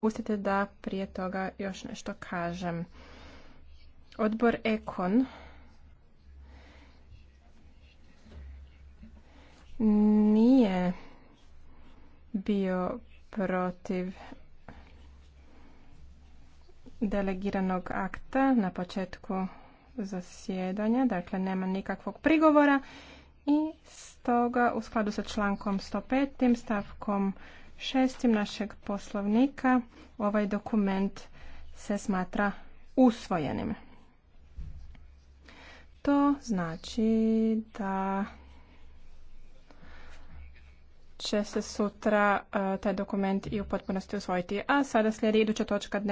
Pustite da prije toga još nešto kažem. Odbor Ekon nije bio protiv delegiranog akta na početku zasjedanja, dakle nema nikakvog prigovora Stoga u skladu sa člankom 105. stavkom 6. našeg poslovnika ovaj dokument se smatra usvojenim. To znači da će se sutra e, taj dokument i u potpunosti usvojiti. A sada slijedi iduća točka dneva.